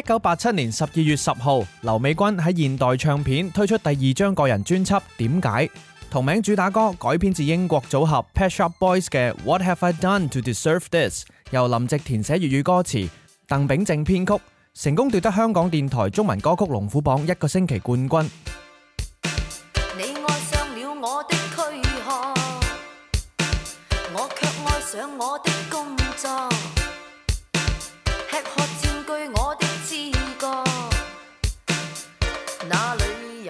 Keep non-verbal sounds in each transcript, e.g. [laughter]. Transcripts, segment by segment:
一九八七年十二月十號，劉美君喺現代唱片推出第二張個人專輯《點解》，同名主打歌改編自英國組合 Pet Shop Boys 嘅《What Have I Done to Deserve This》，由林夕填寫粵語歌詞，鄧炳正編曲，成功奪得香港電台中文歌曲龍虎榜一個星期冠軍。你愛上了我的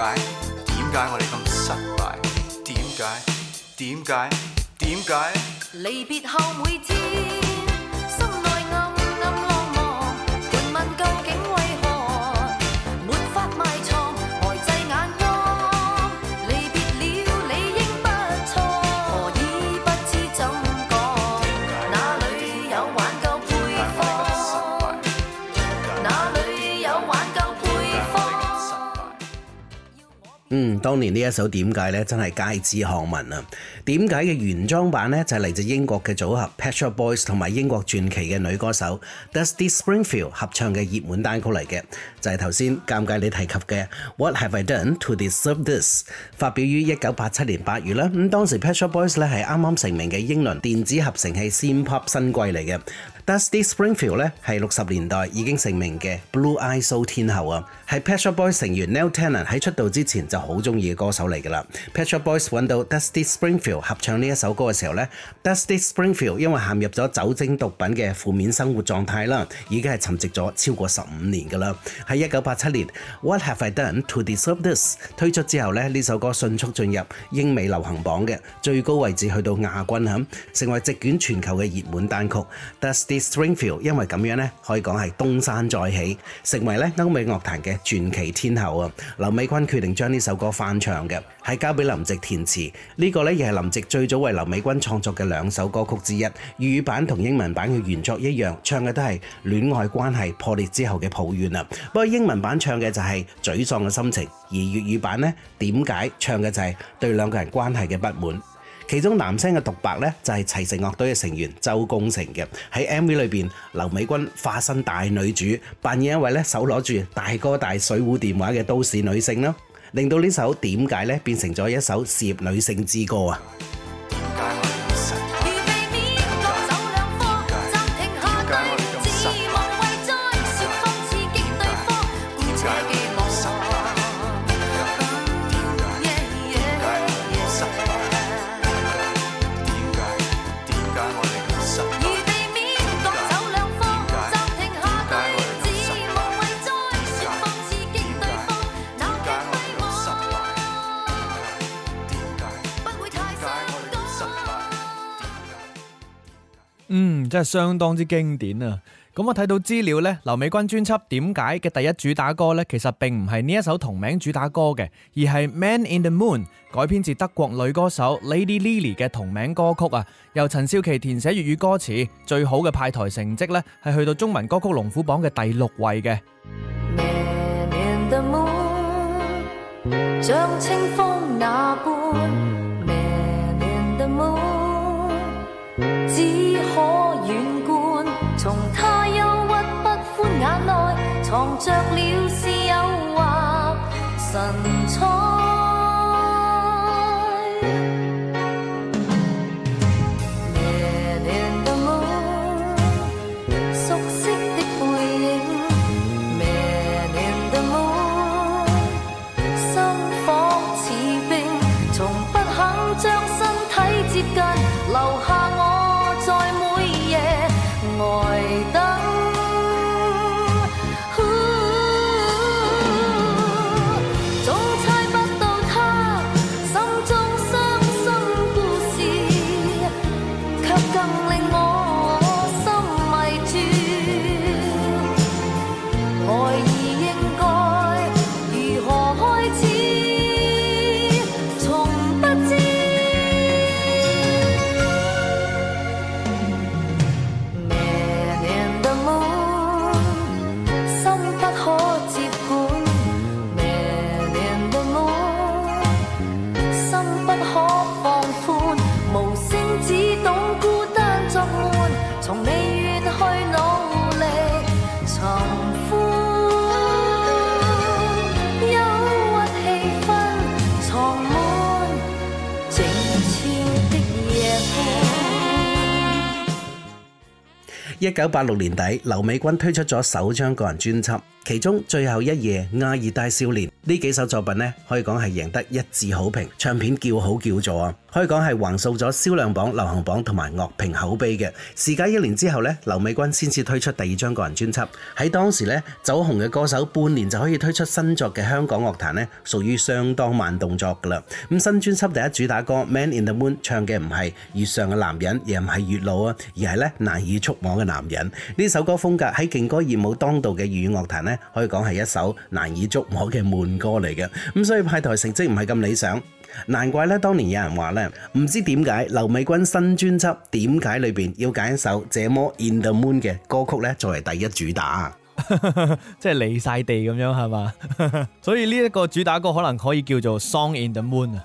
點解？點解我哋咁失敗？點解？點解？點解？離別後每天。嗯，當年呢一首點解呢真係街知巷聞啊！點解嘅原裝版呢就係嚟自英國嘅組合 Pet Shop Boys 同埋英國傳奇嘅女歌手 Dusty Springfield 合唱嘅熱門單曲嚟嘅，就係頭先尷尬你提及嘅 What Have I Done To Deserve This，發表於一九八七年八月啦。咁當時 Pet Shop Boys 咧係啱啱成名嘅英倫電子合成器 synth pop 新貴嚟嘅，Dusty Springfield 咧係六十年代已經成名嘅 Blue Eyed Soul 天后啊！係 Pet Shop Boys 成員 Neil Tennant 喺出道之前就好中意嘅歌手嚟㗎啦。Pet Shop Boys 揾到 Dusty Springfield 合唱呢一首歌嘅時候呢 Dusty Springfield 因為陷入咗酒精毒品嘅負面生活狀態啦，已經係沉寂咗超過十五年㗎啦。喺一九八七年《What Have I Done To Deserve This》推出之後呢，呢首歌迅速進入英美流行榜嘅最高位置，去到亞軍，嚇，成為席捲全球嘅熱門單曲。Dusty Springfield 因為咁樣呢，可以講係東山再起，成為咧歐美樂壇嘅。傳奇天后啊，劉美君決定將呢首歌翻唱嘅，係交俾林夕填詞。呢個呢，亦係林夕最早為劉美君創作嘅兩首歌曲之一。粵語版同英文版嘅原作一樣，唱嘅都係戀愛關係破裂之後嘅抱怨啊。不過英文版唱嘅就係沮喪嘅心情，而粵語版呢，點解唱嘅就係對兩個人關係嘅不滿。其中男聲嘅獨白呢，就係齊成樂隊嘅成員周公成嘅。喺 MV 裏邊，劉美君化身大女主，扮演一位手攞住大哥大水壺電話嘅都市女性啦，令到呢首點解咧變成咗一首事業女性之歌啊！嗯，真係相當之經典啊！咁、嗯、我睇到資料呢，劉美君專輯《點解》嘅第一主打歌呢，其實並唔係呢一首同名主打歌嘅，而係《Man in the Moon》改編自德國女歌手 Lady Lily 嘅同名歌曲啊，由陳少琪填寫粵語歌詞，最好嘅派台成績呢，係去到中文歌曲龍虎榜嘅第六位嘅。Man in the moon, 藏着了是誘惑。一九八六年底，劉美君推出咗首張個人專輯，其中《最後一夜》、《亞熱帶少年》呢幾首作品呢，可以講係贏得一致好評，唱片叫好叫座。可以講係橫掃咗銷量榜、流行榜同埋樂評口碑嘅。事隔一年之後咧，劉美君先至推出第二張個人專輯。喺當時咧，走紅嘅歌手半年就可以推出新作嘅香港樂壇咧，屬於相當慢動作㗎喇。咁新專輯第一主打歌《Man in the Moon》唱嘅唔係月上嘅男人，而唔係月老啊，而係難以觸摸嘅男人。呢首歌風格喺勁歌熱舞當道嘅粵語樂壇咧，可以講係一首難以觸摸嘅悶歌嚟嘅。咁所以派台成績唔係咁理想。難怪咧，當年有人話咧，唔知點解劉美君新專輯點解裏邊要揀一首這麼《Man In The Moon》嘅歌曲咧，作為第一主打， [laughs] 即係離晒地咁樣係嘛？ [laughs] 所以呢一個主打歌可能可以叫做《Song in the Moon》啊。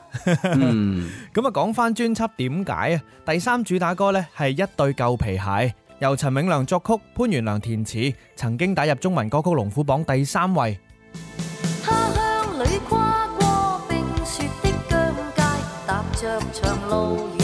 嗯，咁啊，講翻專輯《點解》啊？第三主打歌咧係一對舊皮鞋，由陳永良作曲，潘元良填詞，曾經打入中文歌曲龍虎榜第三位。長路。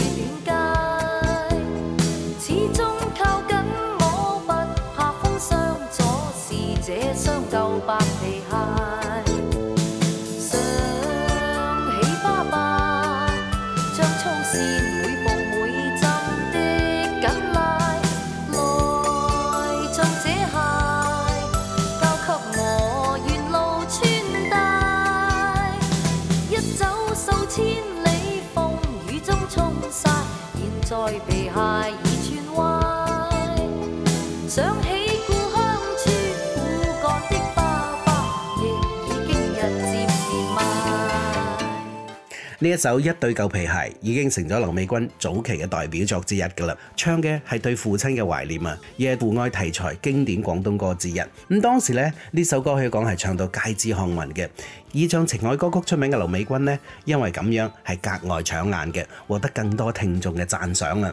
呢一首《一對舊皮鞋》已經成咗劉美君早期嘅代表作之一㗎啦，唱嘅係對父親嘅懷念啊，亦係父愛題材經典廣東歌之一。咁當時咧，呢首歌可以講係唱到皆知巷聞嘅。以唱情愛歌曲出名嘅劉美君呢，因為咁樣係格外搶眼嘅，獲得更多聽眾嘅讚賞啊！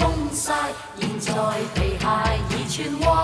現在皮鞋已穿。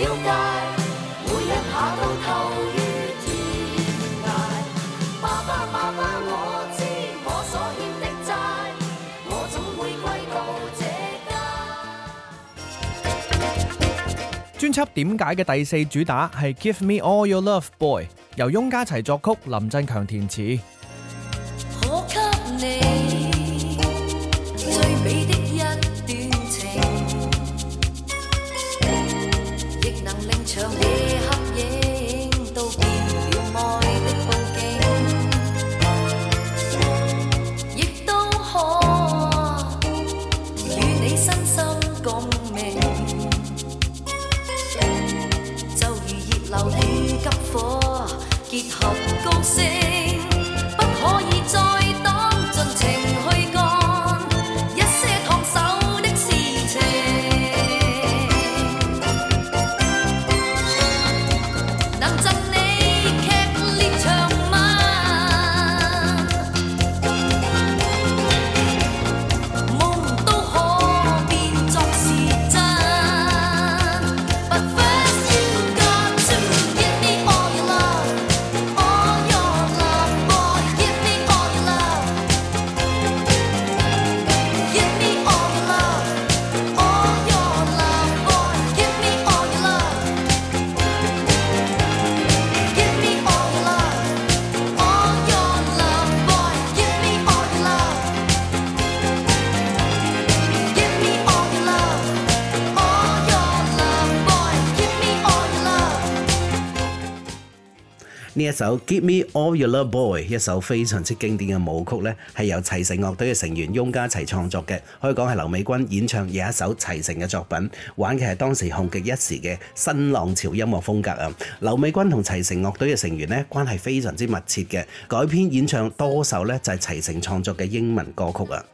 專輯點解嘅第四主打係《Give Me All Your Love Boy》，由翁家齊作曲，林振強填詞。呢一首《Give Me All Your Love Boy》，一首非常之經典嘅舞曲，呢係由齊成樂隊嘅成員翁家齊創作嘅，可以講，係劉美君演唱嘅一首齊成嘅作品，玩嘅係當時紅極一時嘅新浪潮音樂風格啊！劉美君同齊成樂隊嘅成員呢，關係非常之密切嘅，改編演唱多首呢就係齊成創作嘅英文歌曲啊。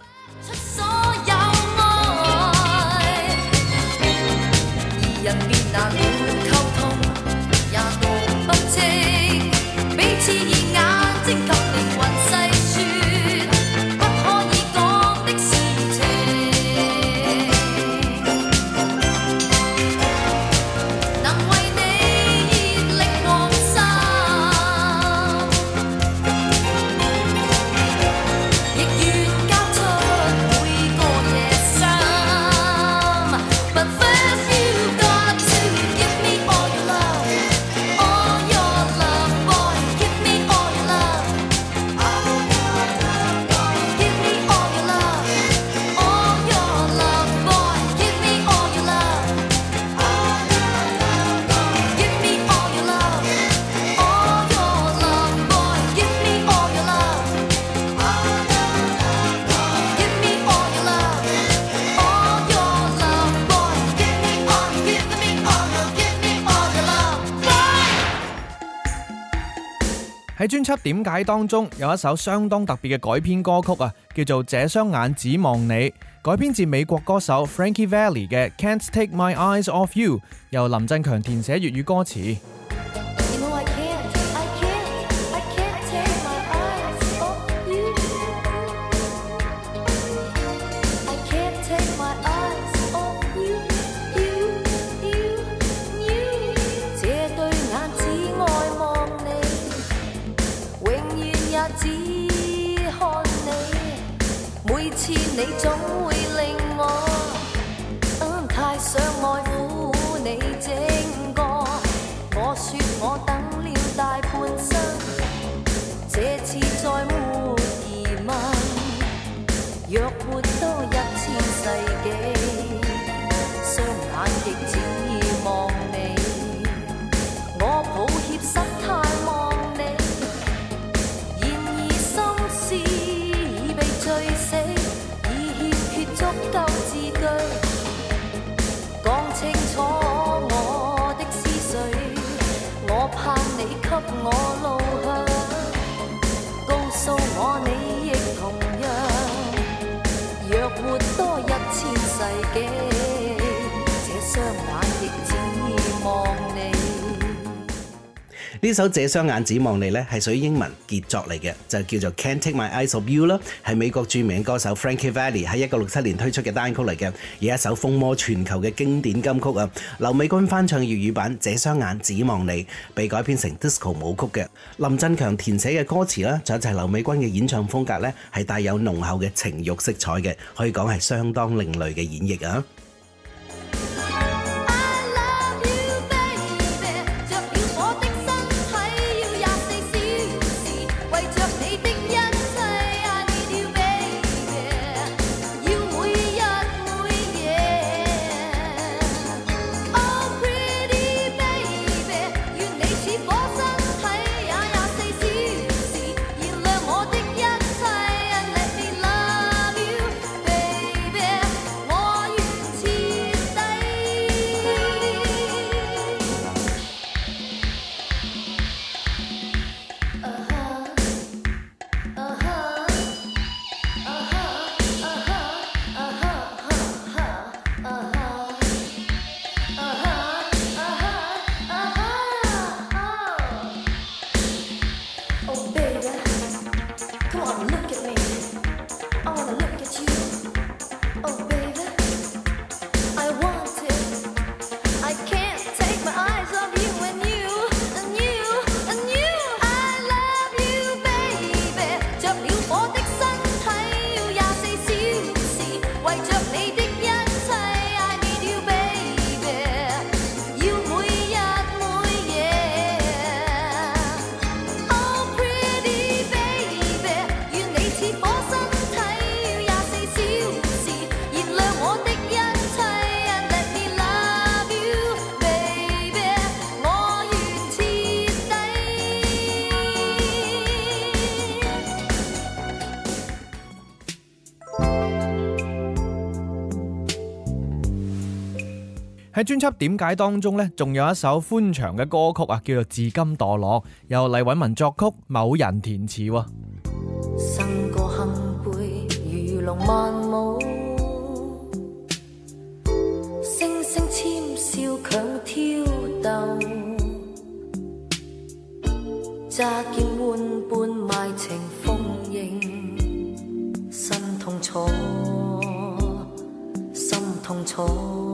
喺專輯點解當中有一首相當特別嘅改編歌曲啊，叫做《這雙眼只望你》，改編自美國歌手 Frankie Valli 嘅《Can't Take My Eyes Off You》，由林振強填寫粵語歌詞。每次你總會。呢首《這雙眼只望你》咧係屬於英文傑作嚟嘅，就叫做《Can't Take My Eyes Off You》啦，係美國著名歌手 Frankie Valli 喺一九六七年推出嘅單曲嚟嘅，而一首風靡全球嘅經典金曲啊。劉美君翻唱粵語版《這雙眼只望你》被改編成 disco 舞曲嘅，林振強填寫嘅歌詞咧，仲有就係劉美君嘅演唱風格咧係帶有濃厚嘅情慾色彩嘅，可以講係相當另類嘅演繹啊。專輯點解當中咧，仲有一首歡場嘅歌曲啊，叫做《自甘墮落》，由黎允文作曲，某人填詞。生個恨背如龍萬舞，聲聲尖笑強挑逗，詐劍換半賣情奉迎，心痛楚，心痛楚。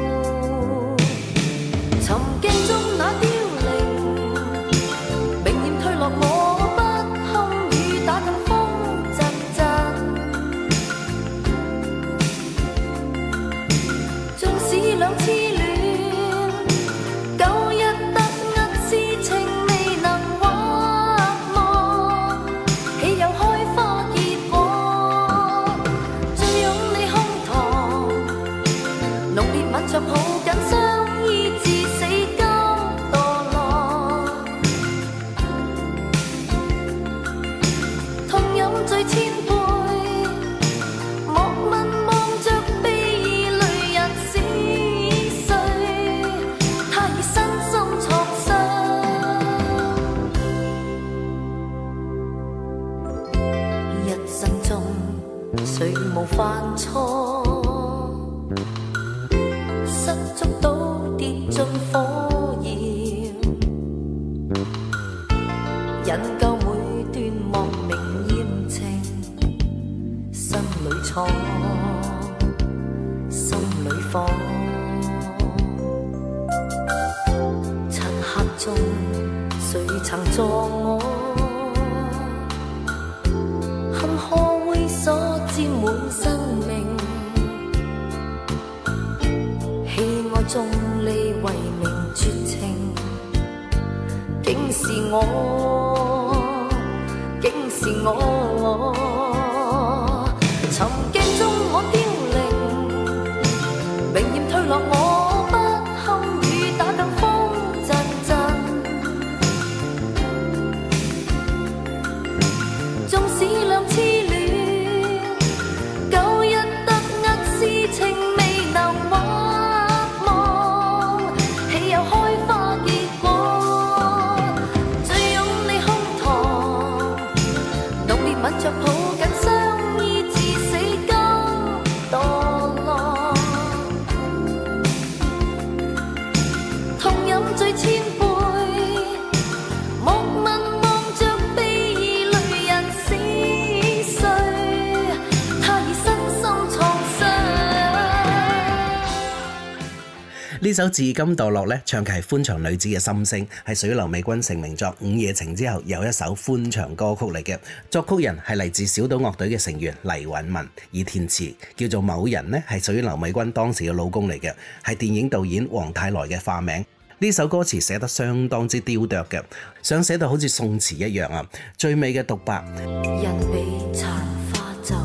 呢首《自甘墮落》呢，唱嘅係歡場女子嘅心聲，係屬於劉美君成名作《午夜情》之後又一首歡場歌曲嚟嘅。作曲人係嚟自小島樂隊嘅成員黎允文，而填詞叫做某人呢，係屬於劉美君當時嘅老公嚟嘅，係電影導演黃泰來嘅化名。呢首歌詞寫得相當之雕琢嘅，想寫到好似宋詞一樣啊！最美嘅獨白，人比殘花早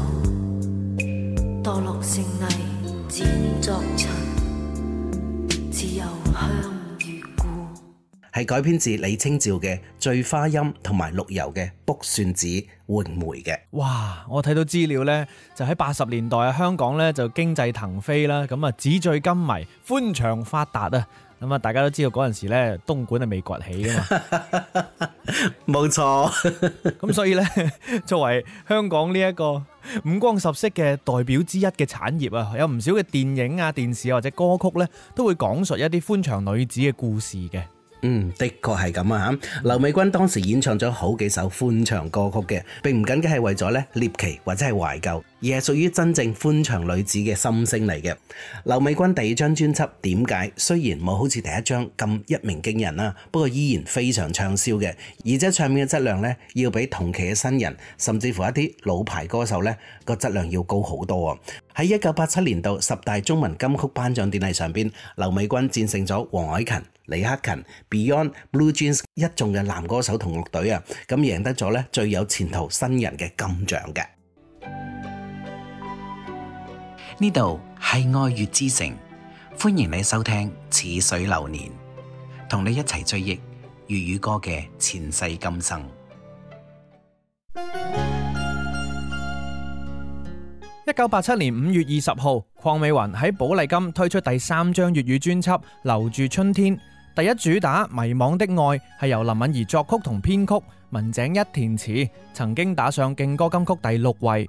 墮落成泥，漸作係改編自李清照嘅《醉花陰》同埋陸游嘅《卜算子詠梅》嘅。哇！我睇到資料呢，就喺八十年代啊，香港呢，就經濟騰飛啦，咁啊，紙醉金迷，歡場發達啊。咁啊，大家都知道嗰陣時咧，東莞係未崛起噶嘛，冇錯 [laughs] 沒錯。咁 [laughs] 所以呢，作為香港呢一個五光十色嘅代表之一嘅產業啊，有唔少嘅電影啊、電視或者歌曲呢，都會講述一啲歡場女子嘅故事嘅。嗯，的確係咁啊吓。劉美君當時演唱咗好幾首歡場歌曲嘅，並唔僅僅係為咗咧獵奇或者係懷舊，而係屬於真正歡場女子嘅心聲嚟嘅。劉美君第二張專輯點解，雖然冇好似第一張咁一鳴驚人啊，不過依然非常暢銷嘅，而且唱片嘅質量咧要比同期嘅新人甚至乎一啲老牌歌手咧個質量要高好多啊！喺一九八七年度十大中文金曲頒獎典禮上邊，劉美君戰勝咗黃凱芹、李克勤、Beyond、Blue Jeans 一眾嘅男歌手同樂隊啊，咁贏得咗咧最有前途新人嘅金獎嘅。呢度係愛粵之城，歡迎你收聽《似水流年》，同你一齊追憶粵語歌嘅前世今生。一九八七年五月二十號，鄺美雲喺寶麗金推出第三張粵語專輯《留住春天》，第一主打《迷惘的愛》係由林敏怡作曲同編曲，文井一填詞，曾經打上勁歌金曲第六位。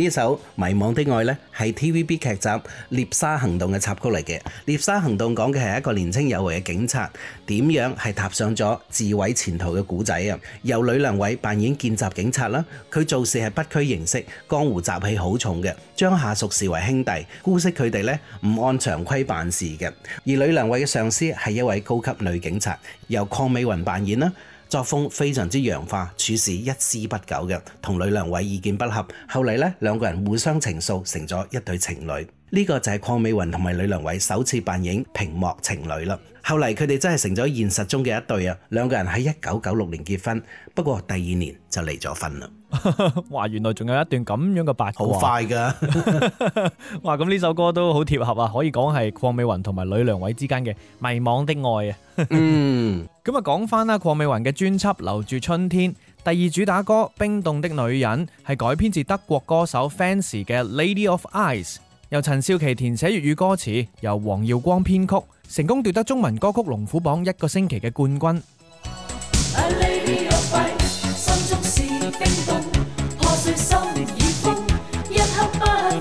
呢首《迷惘的愛》呢，係 TVB 劇集《獵鯊行動》嘅插曲嚟嘅。《獵鯊行動》講嘅係一個年青有為嘅警察，點樣係踏上咗自毀前途嘅古仔啊！由呂良偉扮演見習警察啦，佢做事係不拘形式，江湖習氣好重嘅，將下屬視為兄弟，姑息佢哋呢，唔按常規辦事嘅。而呂良偉嘅上司係一位高級女警察，由鄺美雲扮演啦。作風非常之洋化，處事一絲不苟嘅，同呂良偉意見不合，後嚟呢，兩個人互相情愫，成咗一對情侶。呢個就係鄺美雲同埋呂良偉首次扮演屏幕情侶啦。後嚟佢哋真係成咗現實中嘅一對啊！兩個人喺一九九六年結婚，不過第二年就離咗婚啦。哇， [laughs] 原來仲有一段咁樣嘅八卦，好快噶！ [laughs] 哇，咁呢首歌都好貼合啊，可以講係鄺美雲同埋呂良偉之間嘅迷惘的愛啊。 [laughs] 嗯，咁啊講翻啦，鄺美雲嘅專輯《留住春天》第二主打歌《冰凍的女人》係改編自德國歌手 Fancy 嘅《Lady of Ice》由陳，由陳少琪填寫粵語歌詞，由黃耀光編曲，成功奪得中文歌曲龍虎榜一個星期嘅冠軍。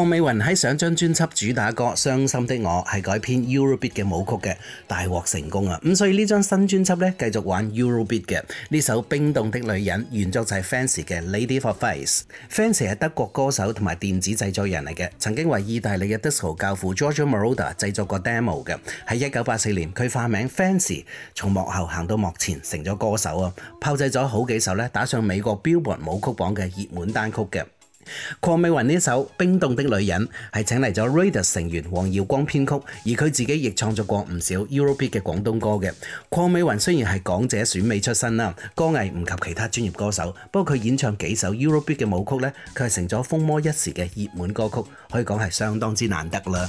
鄺美雲喺上張專輯主打歌《傷心的我》係改編 Eurobeat 嘅舞曲嘅，大獲成功啊！咁所以呢張新專輯咧，繼續玩 Eurobeat 嘅呢首《冰凍的女人》，原作就係 Fancy 嘅《Lady Of Ice》。Fancy 係德國歌手同埋電子製作人嚟嘅，曾經為意大利嘅 disco 教父 Giorgio Moroder 製作過 demo 嘅。喺一九八四年，佢化名 Fancy，從幕後行到幕前，成咗歌手啊！炮製咗好幾首咧，打上美國 Billboard 舞曲榜嘅熱門單曲嘅。鄺美雲呢首《冰凍的女人》係請嚟咗 Raidas 成員黃耀光編曲，而佢自己亦創作過唔少 Eurobeat 嘅廣東歌嘅。鄺美雲雖然係港姐選美出身啦，歌藝唔及其他專業歌手，不過佢演唱幾首 Eurobeat 嘅舞曲呢，佢係成咗風靡一時嘅熱門歌曲，可以講係相當之難得啦。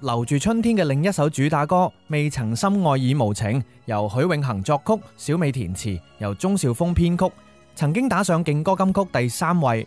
留住春天嘅另一首主打歌《未曾深愛已無情》，由許永恒作曲、小美填詞，由鍾兆峰編曲，曾經打上勁歌金曲第三位。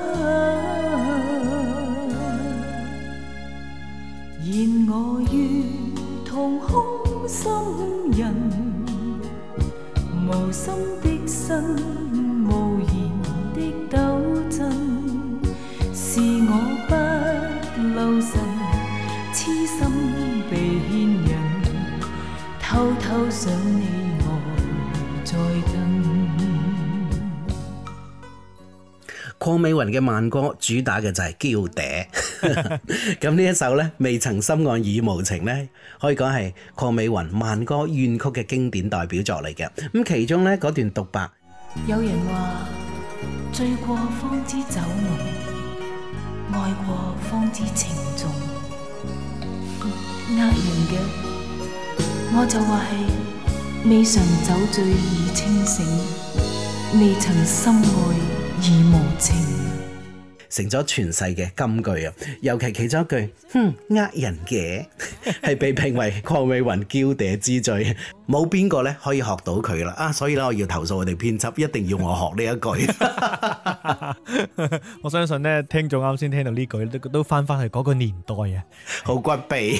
鄺美雲嘅慢歌主打嘅就係、是、嬌嗲，咁呢 [laughs] [laughs] 一首呢，未曾深愛已無情呢可以講係鄺美雲慢歌怨曲嘅經典代表作嚟嘅。咁其中呢，嗰段獨白，有人話醉過方知酒濃，愛過方知情重。呃、嗯、完嘅我就話係未曾酒醉已清醒，未曾深愛。已無情成咗全世嘅金句啊，尤其其中一句哼呃人嘅，係被評為鄺美雲嬌嗲之最，冇邊個咧可以學到佢啦啊！所以咧我要投訴我哋編輯，一定要我學呢一句。我相信咧聽眾啱先聽到呢句都都翻翻去嗰個年代啊，好骨痹。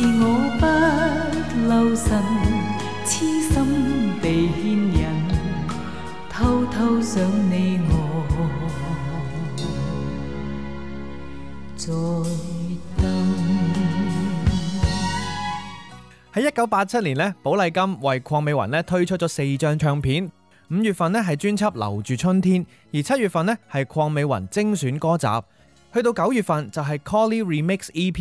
我我不留神，痴心牽引，偷偷想你，你。我再等。喺一九八七年呢寶麗金為鄺美雲呢推出咗四張唱片。五月份呢係專輯《留住春天》，而七月份呢係《鄺美雲精選歌集》，去到九月份就係《Colly Remix EP》。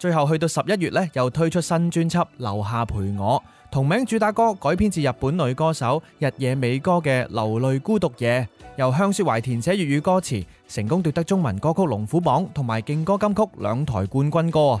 最後去到十一月呢又推出新專輯《留下陪我》，同名主打歌改編自日本女歌手日野美歌嘅《流淚孤獨夜》，由香雪懷填寫粵語歌詞，成功奪得中文歌曲龍虎榜同埋勁歌金曲兩台冠軍歌。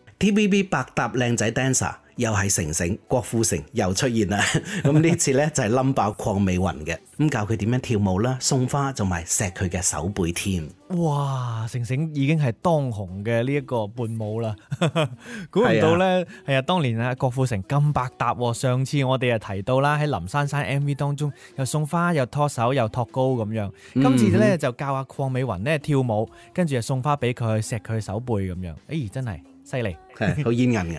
T.V.B. 百搭靚仔 Dancer 又係成成郭富城又出現啦。咁 [laughs] 呢次呢就係、是、冧爆鄺美雲嘅，咁教佢點樣跳舞啦，送花同埋錫佢嘅手背添。哇！成成已經係當紅嘅呢一個伴舞啦。估 [laughs] 唔到呢，係啊，啊，當年啊，郭富城咁百搭喎。上次我哋又提到啦，喺林珊珊 M.V. 當中又送花又拖手又托高咁樣。今次呢、嗯、哼就教阿、啊、鄺美雲呢跳舞，跟住又送花俾佢錫佢手背咁樣。哎，真係～犀利，好煙韌嘅。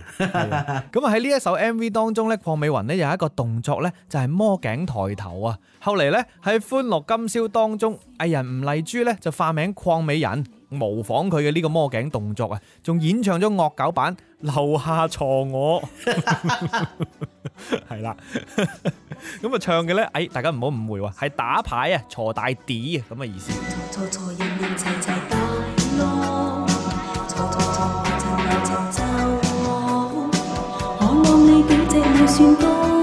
咁啊喺呢一首 M V 當中咧，鄺美雲呢有一個動作咧，就係摸頸抬頭啊。後嚟咧喺歡樂今宵當中，藝人吳麗珠咧就化名鄺美人，模仿佢嘅呢個摸頸動作啊，仲演唱咗惡搞版《留下鋤我》。係啦， [laughs] [laughs] 咁啊唱嘅咧，哎，大家唔好誤會，係打牌啊，鋤大碟啊，咁嘅意思。算多。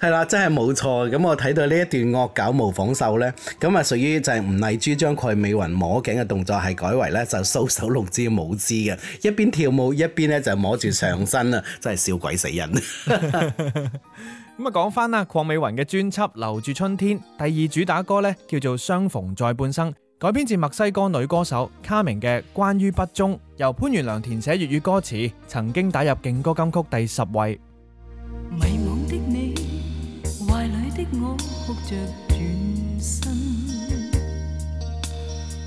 係啦，真係冇錯。咁我睇到呢一段惡搞模仿秀呢，咁啊屬於就係吳麗珠將鄺美雲摸頸嘅動作係改為呢就搔手弄肢舞姿嘅，一邊跳舞一邊呢就摸住上身啊，真係笑鬼死人。咁啊，講翻啦，鄺美雲嘅專輯《留住春天》第二主打歌呢，叫做《相逢在半生》，改編自墨西哥女歌手卡明嘅《關於不忠》，由潘源良填寫粵語歌詞，曾經打入勁歌金曲第十位。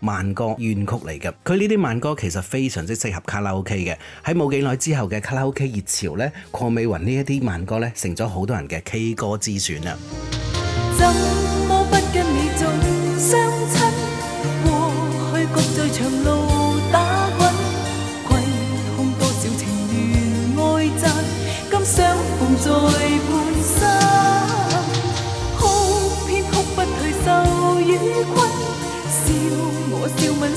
慢歌怨曲嚟嘅，佢呢啲慢歌其實非常之適合卡拉 OK 嘅。喺冇幾耐之後嘅卡拉 OK 熱潮呢，鄺美雲呢一啲慢歌呢，成咗好多人嘅 K 歌之選啊。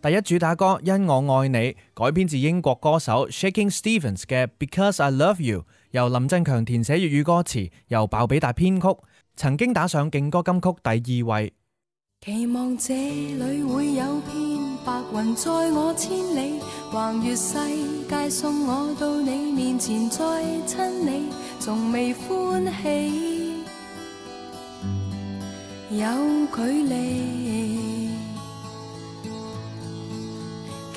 第一主打歌《因我愛你》改編自英國歌手 Shaking Stevens 嘅《Because I Love You》，由林振強填寫粵語歌詞，由鮑比達編曲，曾經打上勁歌金曲第二位。期望這裏會有片白雲載我千里，橫越世界，送我到你面前再親你，從未歡喜有距離。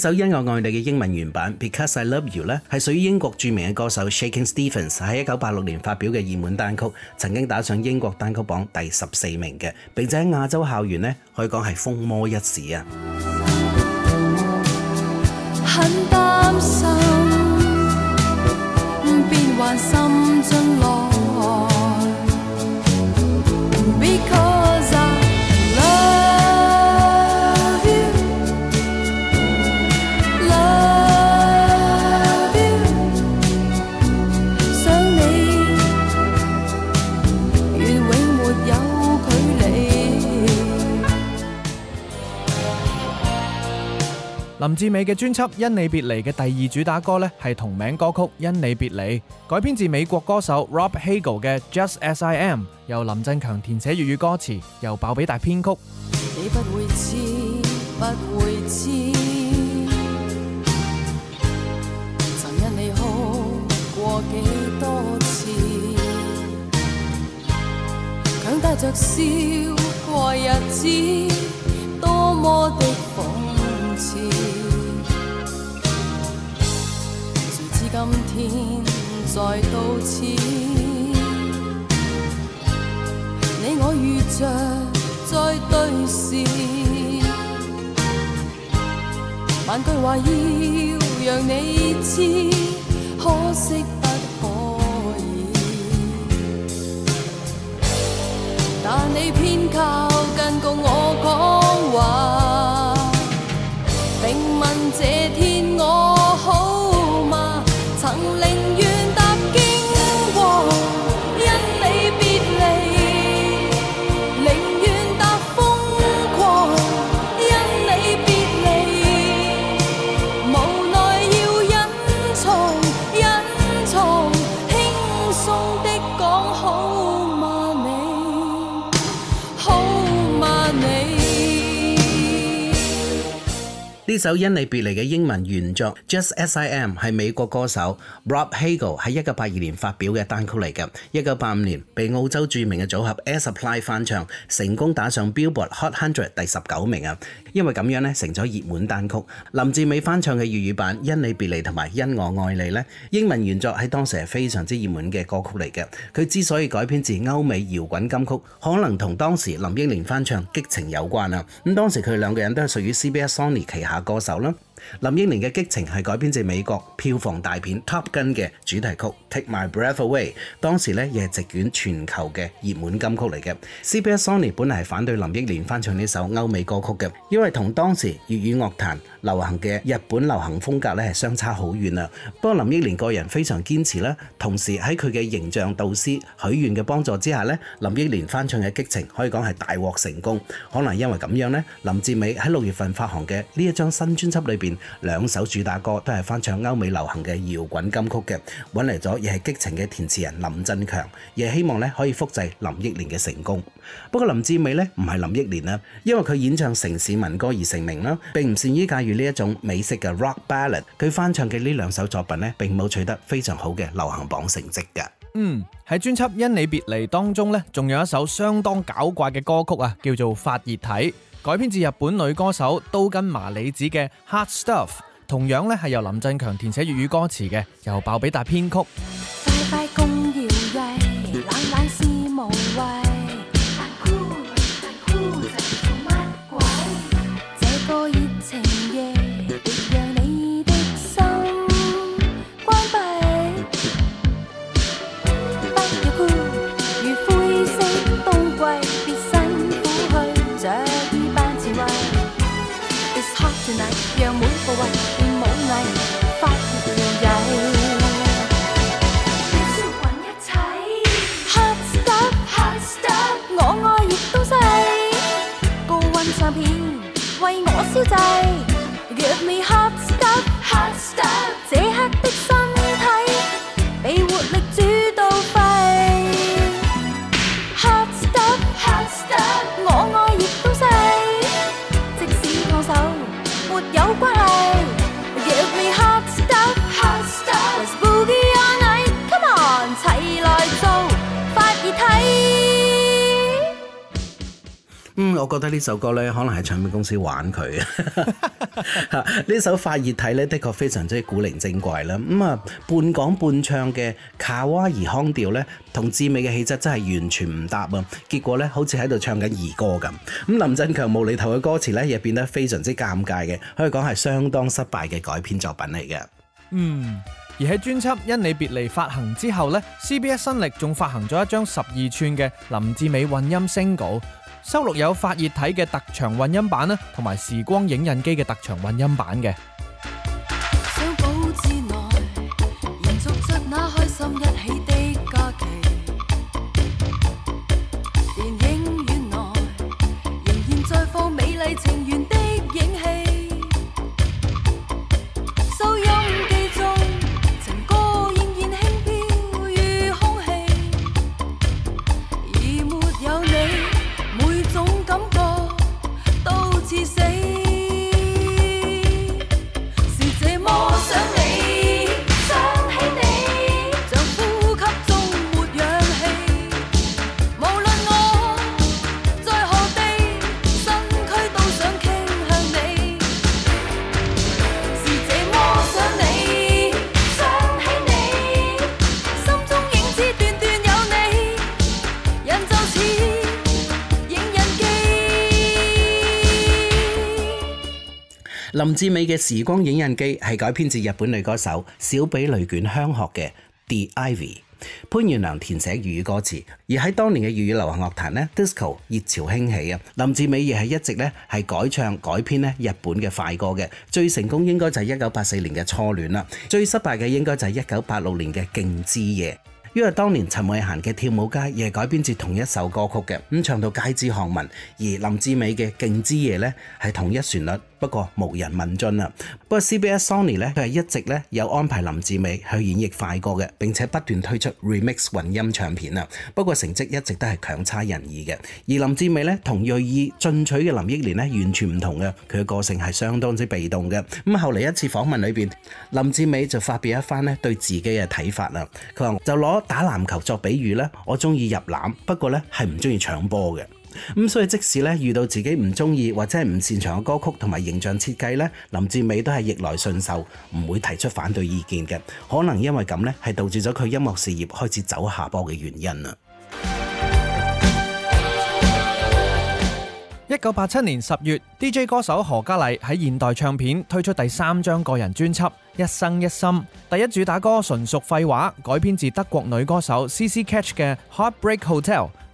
這首音樂愛你嘅英文原版《Because I Love You》咧，係屬於英國著名嘅歌手 Shakin' Stevens 喺一九八六年發表嘅熱門單曲，曾經打上英國單曲榜第十四名嘅，並且喺亞洲校園咧，可以講係風魔一時啊！林志美嘅專輯《因你別離》嘅第二主打歌呢，係同名歌曲《因你別離》，改編自美國歌手 Rob Hegel 嘅 Just As I Am，由林振強填寫粵語歌詞，由鮑比達編曲。你不會知，不會知誰知今天再到此，你我遇着再對視，萬句話要讓你知，可惜不可以。但你偏靠近，共我講話。呢首因你別離嘅英文原作 Just As I Am 係美國歌手 Rob Hegel 喺一九八二年發表嘅單曲嚟嘅，一九八五年被澳洲著名嘅組合 Air Supply 翻唱，成功打上 Billboard Hot 100第十九名啊！因為咁樣呢，成咗熱門單曲。林志美翻唱嘅粵語版《因你別離》同埋《因我愛你》呢英文原作喺當時係非常之熱門嘅歌曲嚟嘅。佢之所以改編自歐美搖滾金曲，可能同當時林憶蓮翻唱《激情》有關啊。咁當時佢哋兩個人都係屬於 CBS Sony 旗下歌手啦。林憶蓮嘅《激情》係改編自美國票房大片《Top Gun》嘅主題曲《Take My Breath Away》，當時咧亦係席捲全球嘅熱門金曲嚟嘅。CBS Sony 本嚟係反對林憶蓮翻唱呢首歐美歌曲嘅，因為同當時粵語樂壇流行嘅日本流行風格咧係相差好遠啊。不過林憶蓮個人非常堅持啦，同時喺佢嘅形象導師許願嘅幫助之下呢，林憶蓮翻唱嘅《激情》可以講係大獲成功。可能因為咁樣呢，林志美喺六月份發行嘅呢一張新專輯裏邊。兩首主打歌都係翻唱歐美流行嘅搖滾金曲嘅，揾嚟咗亦係激情嘅填詞人林振強，亦希望咧可以複製林憶蓮嘅成功。不過林志美咧唔係林憶蓮啦，因為佢演唱城市民歌而成名啦，並唔善於駕馭呢一種美式嘅 rock ballad。佢翻唱嘅呢兩首作品咧，並冇取得非常好嘅流行榜成績嘅。嗯，喺專輯《因你別離》當中咧，仲有一首相當搞怪嘅歌曲啊，叫做《發熱體》。改編自日本女歌手都跟麻里子嘅《Hot Stuff》，同樣咧係由林振強填寫粵語歌詞嘅，由鮑比達編曲。 [music] 呢首歌咧，可能係唱片公司玩佢嘅。呢首《發熱體》咧，的確非常之古靈精怪啦。咁啊，半講半唱嘅卡哇伊腔調咧，同志美嘅氣質真係完全唔搭啊！結果咧，好似喺度唱緊兒歌咁。咁林振強無厘頭嘅歌詞咧，亦變得非常之尷尬嘅，可以講係相當失敗嘅改編作品嚟嘅。嗯，而喺專輯《因你別離》發行之後咧，CBS 新力仲發行咗一張十二寸嘅林志美混音 Single。收錄有發熱體嘅特長混音版咧，同埋時光影印機嘅特長混音版嘅。林志美嘅《時光影印機》係改編自日本女歌手小比類卷香學嘅《The Ivy》，潘源良填寫粵語歌詞。而喺當年嘅粵語流行樂壇呢 disco 熱潮興起啊，林志美亦係一直咧係改唱改編咧日本嘅快歌嘅，最成功應該就係一九八四年嘅《初戀》啦，最失敗嘅應該就係一九八六年嘅《勁之夜》。因為當年陳慧嫻嘅《跳舞街》亦係改編自同一首歌曲嘅，咁唱到街知巷聞。而林志美嘅《勁之夜》呢係同一旋律。不過無人問津啦、啊。不過 CBS Sony 咧，佢係一直咧有安排林志美去演繹快歌嘅，並且不斷推出 remix 混音唱片啊。不過成績一直都係強差人意嘅。而林志美咧同銳意進取嘅林憶蓮咧完全唔同嘅，佢嘅個性係相當之被動嘅。咁後嚟一次訪問裏面，林志美就發表一番咧對自己嘅睇法啦。佢話：就攞打籃球作比喻啦，我中意入籃，不過咧係唔中意搶波嘅。咁所以即使咧遇到自己唔中意或者係唔擅長嘅歌曲同埋形象設計咧，林志美都係逆來順受，唔會提出反對意見嘅。可能因為咁咧，係導致咗佢音樂事業開始走下坡嘅原因啦。一九八七年十月，DJ 歌手何嘉麗喺現代唱片推出第三張個人專輯《一生一心》，第一主打歌《純屬廢話》，改編自德國女歌手 CC Catch 嘅《Heartbreak Hotel》。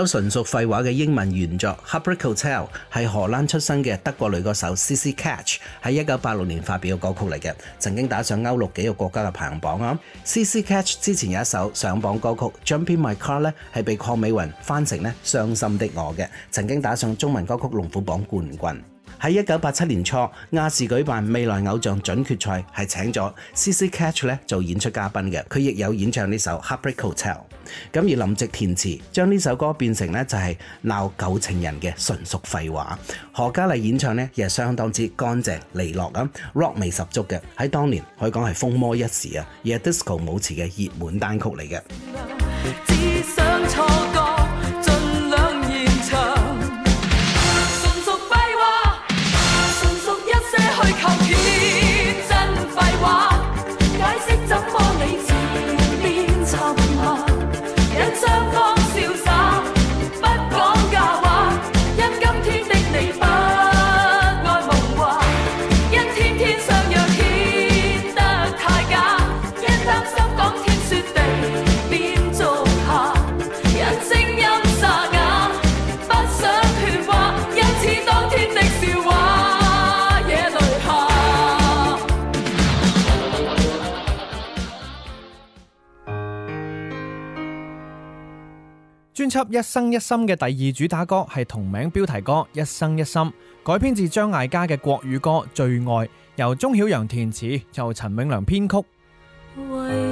有純屬廢話嘅英文原作《Heartbreak Hotel》，係荷蘭出身嘅德國女歌手 CC Catch 喺一九八六年發表嘅歌曲嚟嘅，曾經打上歐陸幾個國家嘅排行榜啊。CC Catch 之前有一首上榜歌曲《Jump In My Car》咧，係被鄺美雲翻成呢《傷心的我》嘅，曾經打上中文歌曲龍虎榜冠軍。喺一九八七年初，亞視舉辦未來偶像準決賽是了 c. C.，係請咗 CC Catch 咧做演出嘉賓嘅，佢亦有演唱呢首 Heartbreak Hotel 咁而林夕填詞，將呢首歌變成咧就係鬧舊情人嘅純屬廢話。何嘉麗演唱呢，亦係相當之乾淨利落咁 rock 味十足嘅。喺當年可以講係風靡一時啊，而係 disco 舞池嘅熱門單曲嚟嘅。專輯《一生一心》嘅第二主打歌係同名標題歌《一生一心》，改編自張艾嘉嘅國語歌《最愛》，由鍾曉陽填詞，由陳永良編曲。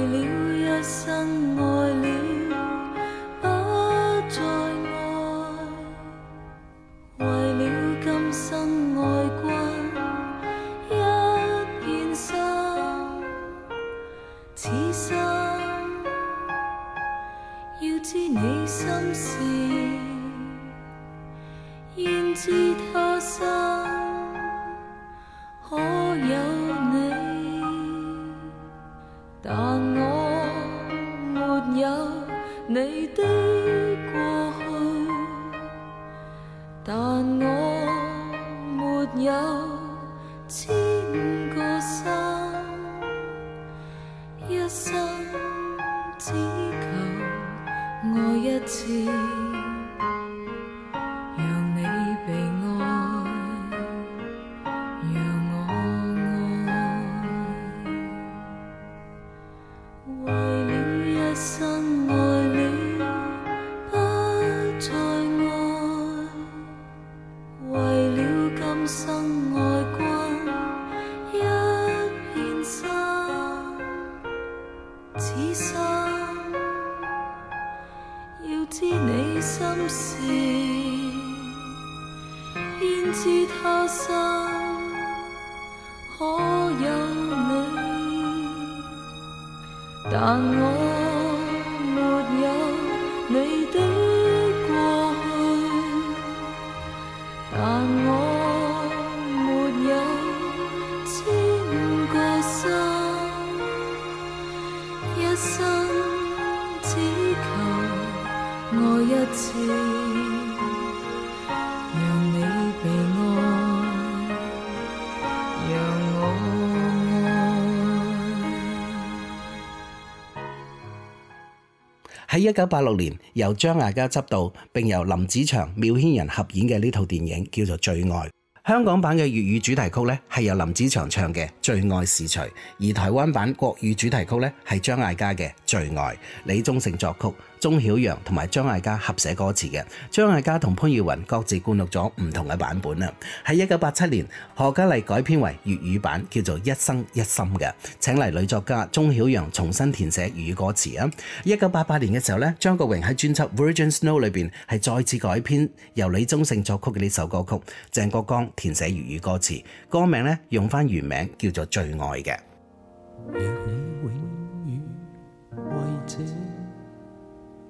喺一九八六年，由張艾嘉執導，並由林子祥、繆騫人合演嘅呢套電影叫做《最愛》。香港版嘅粵語主題曲咧，係由林子祥唱嘅《最愛是誰》，而台灣版國語主題曲咧，係張艾嘉嘅《最愛》，李宗盛作曲。鍾曉陽同埋張艾嘉合寫歌詞嘅，張艾嘉同潘越雲各自灌錄咗唔同嘅版本啦。喺一九八七年，何嘉麗改編為粵語版，叫做《一生一心》嘅，請嚟女作家鍾曉陽重新填寫粵語歌詞啊。一九八八年嘅時候咧，張國榮喺專輯《Virgin Snow》裏邊係再次改編由李宗盛作曲嘅呢首歌曲，鄭國江填寫粵語歌詞，歌名呢用翻原名叫做《最愛》嘅。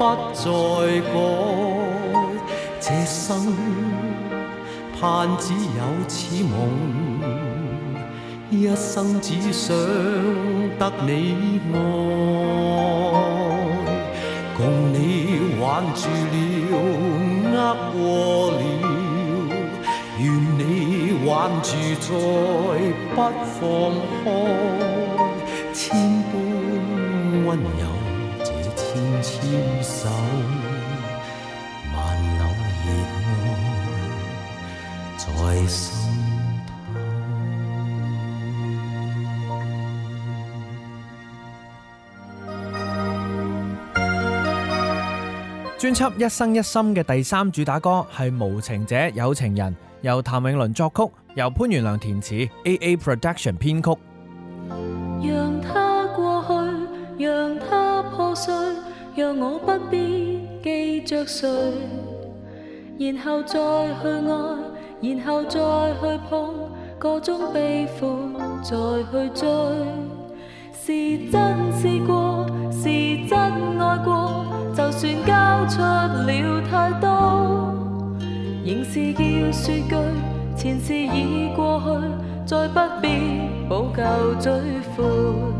不再改，這生盼只有此夢，一生只想得你愛，共你挽住了，握過了，願你挽住再不放開，千般温柔。專輯《千手萬再專輯一生一心》嘅第三主打歌係《無情者有情人》，由譚詠麟作曲，由潘源良填詞，A A Production 編曲。讓它過去，讓它破碎。讓我不必記着誰，然後再去愛，然後再去碰，各種悲歡再去追。是真試過，是真愛過，就算交出了太多，仍是要說句，前事已過去，再不必補救追悔。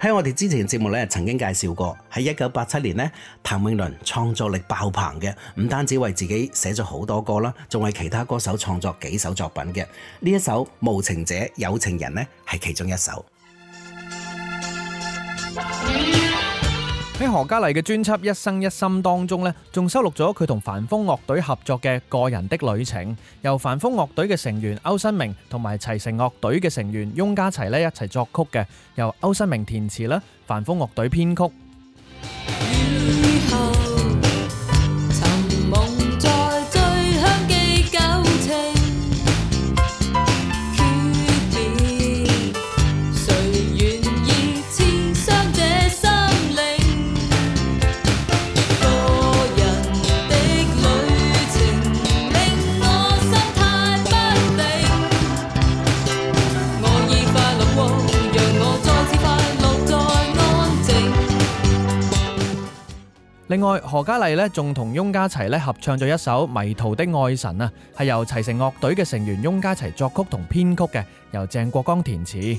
喺我哋之前嘅節目咧，曾經介紹過喺一九八七年呢，譚詠麟創作力爆棚嘅，唔單止為自己寫咗好多歌啦，仲為其他歌手創作幾首作品嘅。呢一首《無情者有情人》呢，係其中一首。喺何嘉麗嘅專輯《一生一心》當中呢，仲收錄咗佢同凡風樂隊合作嘅《個人的旅程》，由凡風樂隊嘅成員歐新明同埋齊成樂隊嘅成員翁家齊咧一齊作曲嘅，由歐新明填詞啦，凡風樂隊編曲。另外，何嘉麗呢仲同翁家齊呢合唱咗一首《迷途的愛神》啊，係由齊成樂隊嘅成員翁家齊作曲同編曲嘅，由鄭國江填詞。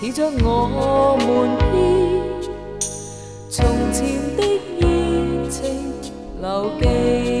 似將我瞞騙，從前的熱情留記。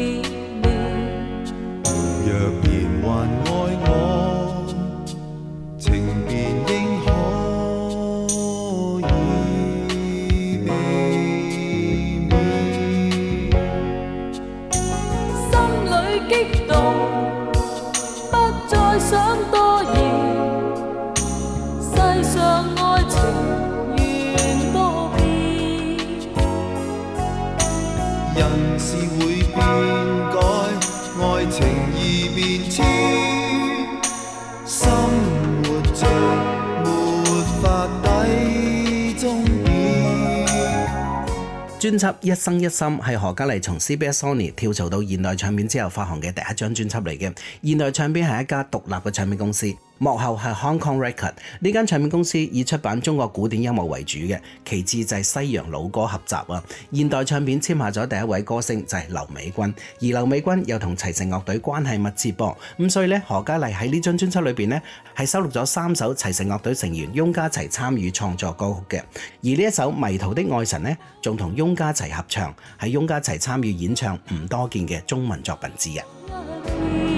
專輯《專輯一生一心》係何嘉麗從 CBS Sony 跳槽到現代唱片之後發行嘅第一張專輯嚟嘅。現代唱片係一家獨立嘅唱片公司。幕後係 Hong Kong Record 呢間唱片公司，以出版中國古典音樂為主嘅，其次就係西洋老歌合集啊。現代唱片簽下咗第一位歌星就係劉美君，而劉美君又同齊成樂隊關係密切噃，咁所以咧何嘉麗喺呢張專輯裏邊呢，係收錄咗三首齊成樂隊成員翁家齊參與創作歌曲嘅，而呢一首《迷途的愛神》呢，仲同翁家齊合唱，係翁家齊參與演唱唔多見嘅中文作品之一。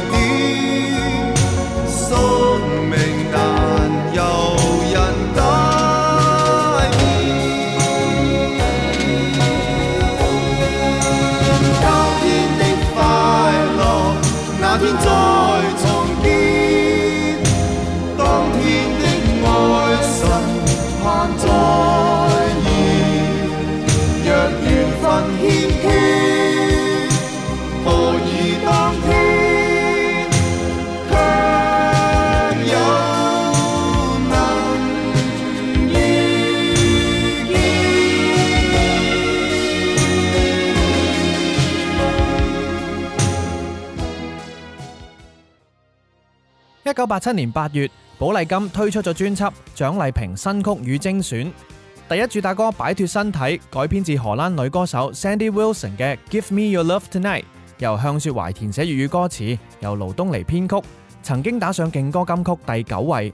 一九八七年八月，寶麗金推出咗專輯《蔣麗萍新曲與精選》，第一主打歌《擺脫身體》改編自荷蘭女歌手 Sandy Wilson 嘅《Give Me Your Love Tonight》，由向雪懷填寫粵語歌詞，由盧東尼編曲，曾經打上勁歌金曲第九位。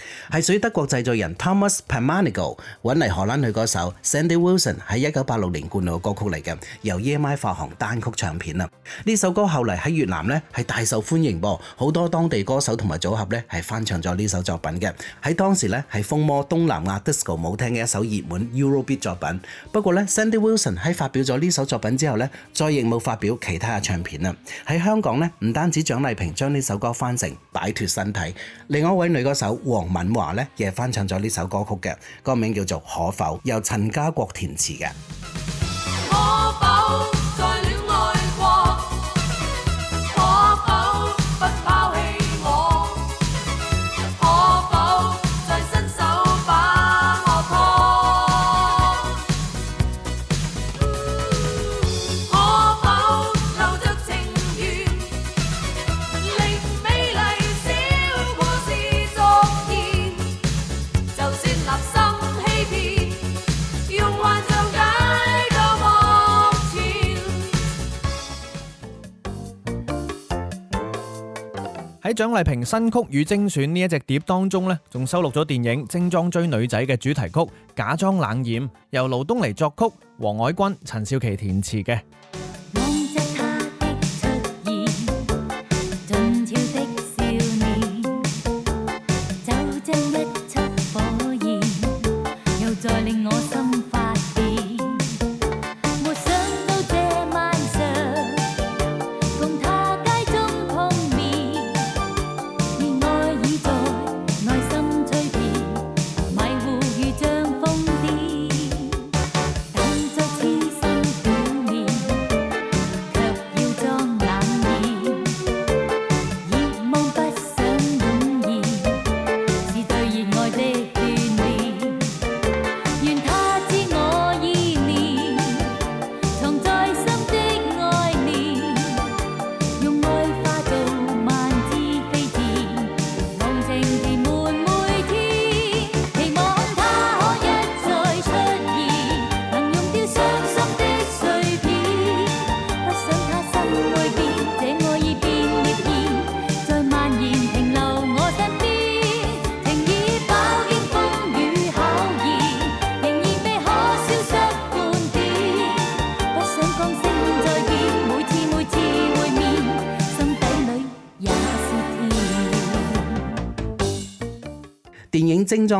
係水德國製作人 Thomas Pamanigo 揾嚟荷蘭女歌手 Sandy Wilson 喺一九八六年冠流歌曲嚟嘅，由 EMI 發行單曲唱片啊！呢首歌後嚟喺越南咧係大受歡迎噃，好多當地歌手同埋組合咧係翻唱咗呢首作品嘅。喺當時咧係風靡東南亞 disco 舞廳嘅一首熱門 Eurobeat 作品。不過咧 Sandy Wilson 喺發表咗呢首作品之後咧，再亦冇發表其他嘅唱片啦。喺香港咧唔單止蔣麗萍將呢首歌翻成擺脫身體，另外一位女歌手黃敏。話咧，亦翻唱咗呢首歌曲嘅，歌名叫做《可否》，由陳家國填詞嘅。喺《蔣麗萍新曲與精選》呢一隻碟當中咧，仲收錄咗電影《精裝追女仔》嘅主題曲《假裝冷艷》，由盧東尼作曲，黃海君、陳少琪填詞嘅。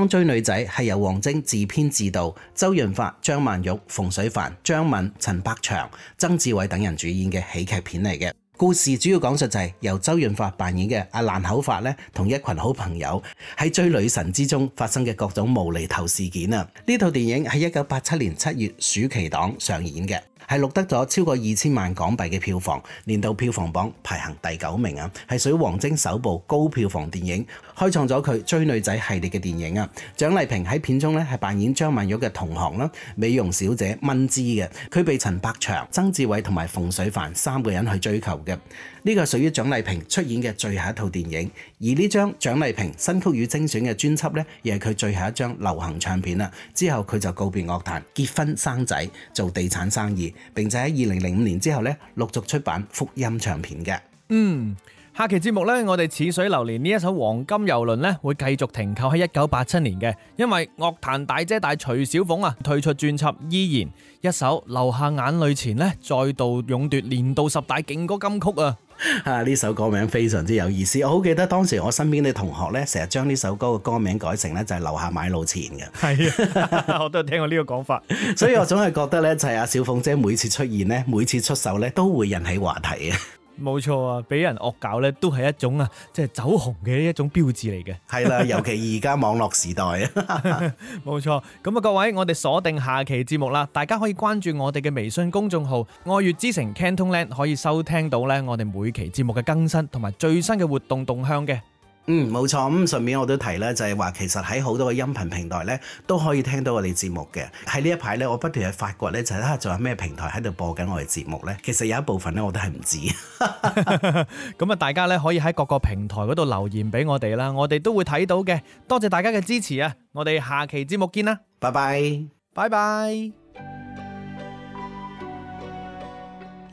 追女仔係由王晶自編自導，周潤發、張曼玉、馮淬帆、張敏、陳百祥、曾志偉等人主演嘅喜劇片嚟嘅。故事主要講述就係由周潤發扮演嘅阿爛口發咧，同一群好朋友喺追女神之中發生嘅各種無厘頭事件啊！呢套電影係一九八七年七月暑期檔上演嘅。係錄得咗超過二千萬港幣嘅票房，年度票房榜排行第九名啊！係屬於王晶首部高票房電影，開創咗佢追女仔系列嘅電影啊！蔣麗萍喺片中咧係扮演張曼玉嘅同行啦，美容小姐蚊姿嘅，佢被陳百祥、曾志偉同埋馮淬帆三個人去追求嘅。呢個係屬於蔣麗萍出演嘅最後一套電影，而呢張蔣麗萍新曲與精選嘅專輯咧，亦係佢最後一張流行唱片啦。之後佢就告別樂壇，結婚生仔，做地產生意。並且喺二零零五年之後咧，陸續出版福音唱片嘅。嗯，下期節目咧，我哋似水流年呢一首黃金遊輪咧，會繼續停靠喺一九八七年嘅，因為樂壇大姐大徐小鳳啊，推出專輯依然一首流下眼淚前呢，再度勇奪年度十大勁歌金曲啊！啊！呢首歌名非常之有意思，我好記得當時我身邊啲同學咧，成日將呢首歌嘅歌名改成咧就係留下買路錢嘅的。係啊，我都聽過呢個講法， [laughs] 所以我總係覺得咧就係阿小鳳姐每次出現咧，每次出手咧都會引起話題嘅。冇錯啊，俾人惡搞咧，都係一種啊，即係走紅嘅一種標誌嚟嘅。係啦，尤其而家網絡時代啊。冇錯，咁啊，各位，我哋鎖定下期節目啦，大家可以關注我哋嘅微信公眾號《愛粵之城 CantonLand》，可以收聽到咧我哋每期節目嘅更新同埋最新嘅活動動向嘅。嗯，冇錯咁，順便我都提啦，就係話其實喺好多個音頻平台咧都可以聽到我哋節目嘅。喺呢一排咧，我不斷去發掘咧，就係啊，仲有咩平台喺度播緊我哋節目咧？其實有一部分咧，我都係唔知咁啊！ [laughs] [laughs] 大家咧可以喺各個平台嗰度留言俾我哋啦，我哋都會睇到嘅。多謝大家嘅支持啊！我哋下期節目見啦，拜拜拜拜。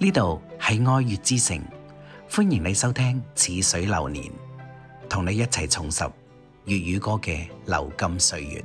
呢度係愛粵之城，歡迎你收聽《似水流年》。同你一齊重拾粵語歌嘅流金歲月。